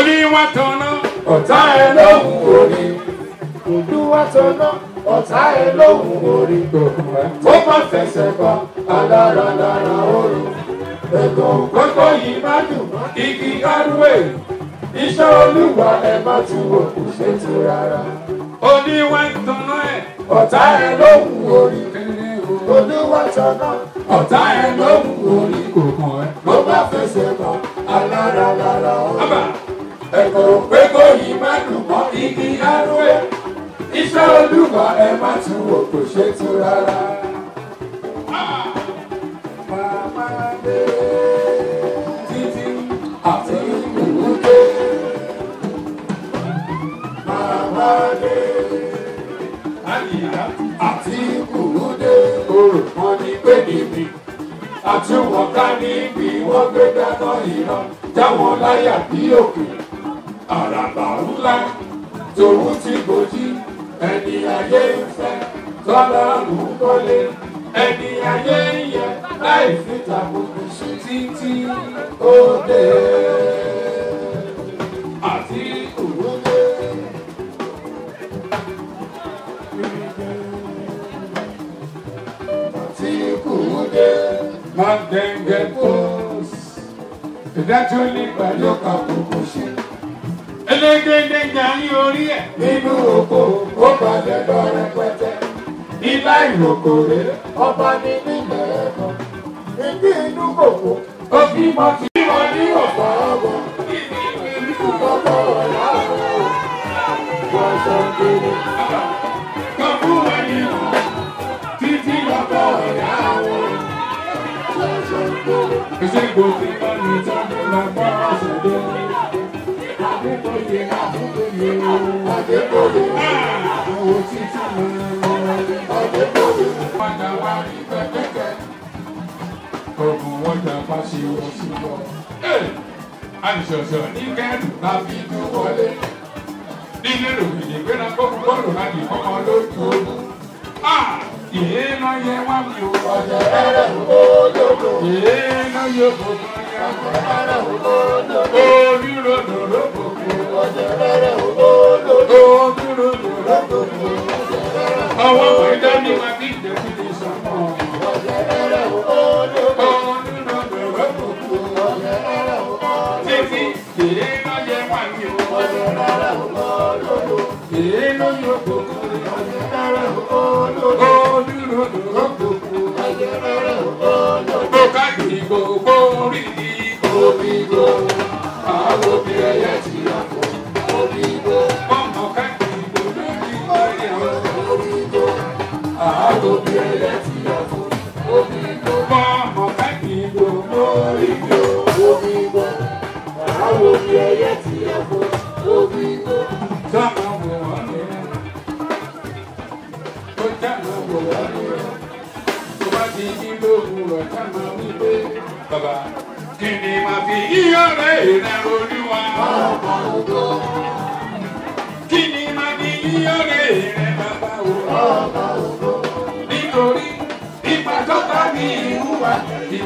olúwa tanná ọ̀tá ẹ lóhùn orí olúwa tanná ọ̀tá ẹ lóhùn orí tó bá fẹsẹ̀ bá alára lára oru ẹ̀gàn kọ́kọ́ yìí má dùn igi arúgbó iṣẹ́ olúwa ẹ má tu òkú ṣètò rárá. olúwa tanná ẹ ọ̀tá ẹ lóhùn orí olúwa tanná ọ̀tá ẹ lóhùn orí. wá ẹ má tún wò kò ṣe tú rárá. Màmá dé títí àti ìwúdé. Màmá dé àti ìwúdé. wọn ni gbé níbi àti wọn ká níbi wọ́n gbé dáná ìran jáwọn láyà bí òkè àràbà ńlá tòun ti gòjì ẹni ayé ń fẹ́ tọ́lá ń kọ́lé ẹni ayé ń yẹ láì fi tàbùkù sí títí ó dé àti òwúdé. Mandenge pose, eventually by your couple, she elédèdèjà ní orí ẹ̀. nínú oko ó gbàgbé lọ rẹpẹtẹ ilá ìlòkò rẹ ọba ní nílẹ̀ ẹ̀kọ́ ìdí inú kòkó ó bímọ tí wọ́n ní ọ̀pá ọgbọ̀n ìdílé ọ̀la wọ́n sọ kiri kan fún wọn ní títí lọ́kọ̀ ọ̀la wọn wọ́n sọ kiri. ìṣègùn ti kọ́ ni tọ́jú lọ́kọ̀. Ogun wọn jà bá ṣe wọn sí lọ. Àìṣọ̀ṣọ̀ ní kẹ́rù la fi dún wọlé. Nínú ìròyìn ìgbéra gbọ́dọ̀ gbọ́dọ̀ láti kọ́kọ́ lójú ogun. Ìhìnà yẹ wá mi ò. Ọ̀jẹ̀ rẹ̀ ò lòdò. Ìhìnà yóò fò fún yàrá. Ọ̀jẹ̀ rẹ̀ ò lòdò. Orí ròdò ló àwọn ọmọ ìdánimọ̀. ìgbò omi igbó àwọn omi ẹyẹ ti ẹ̀fọ́ omi igbó. Sáàmù wò wọ́n ní ẹ̀. Ó jáàmù wò wọ́n ní ẹ̀. Tó bá ti ní lóògùn rẹ̀ jáàmù wípé. Bàbá kí ni màá fi yíyọ̀ rẹ̀ ìrẹ̀ olúwa? Bàbá ògbó.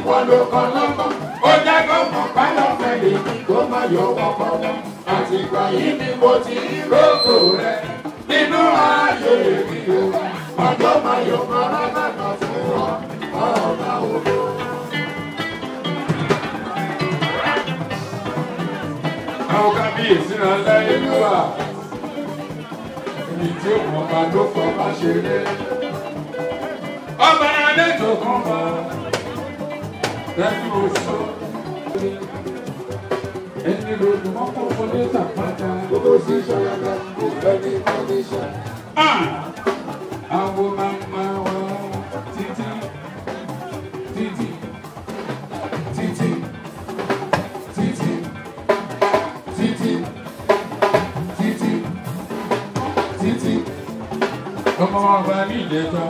ìwọ ló kọ lọ́gbọ́n ó jẹ́ kó mọ̀ pálọ́fẹ́ lèmi kó má yọ wọ́pọ̀ wọn àtìgbà yìí ni mo ti rí rògbò rẹ nínú ààyè èmi o ọjọ́ máa yọ mọ́ra bàtà fún ọ ọ̀ọ́dà òdo. àwọn kábíyèsí náà lẹ́yìn lúwà ibi tí ó mọ̀ bá ló fọ́ bá ṣeré ọba adéjọ kan mọ́ lẹ́nu oṣù ẹni lòdù mọ́kò wọlé sàpáta gbogbo sí ìṣọ̀yàgà gbogbo ẹni kọ́díṣà. àwọn máa ń máa wọ títí títí títí títí títí títí títí. ọmọ ọba mi ìjẹta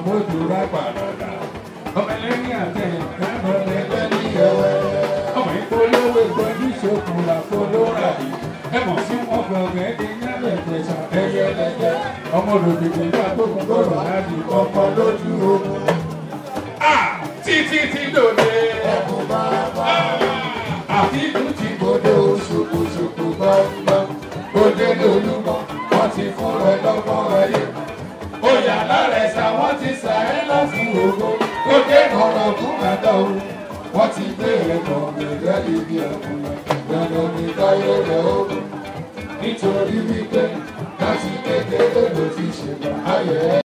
ẹ̀mọ̀ sí wọn gbọ̀ngàn ẹ̀dín yálẹ̀ ìjẹ̀sà ẹ̀yẹ lẹ́jẹ̀ ọmọ lòdìdì náà tó kún lọ́rọ̀ láti ọkọ̀ lójú ogun. títí tí lòdì ti gbọdọ̀ ṣòkòṣòkò bá bá gbọdọ̀ lólúmọ wọn ti fún ti sà ẹ́ lọ́sùn ògo gbọdọ̀ ọ̀rọ̀ fún àdá òun wọ́n ti gbé ẹ̀kọ́ gẹ́gẹ́ ibi ẹ̀kún dandan ní káyé rẹ̀ ó kù nítorí wípé láti kékeré ló ti ṣègbà ayẹyẹ.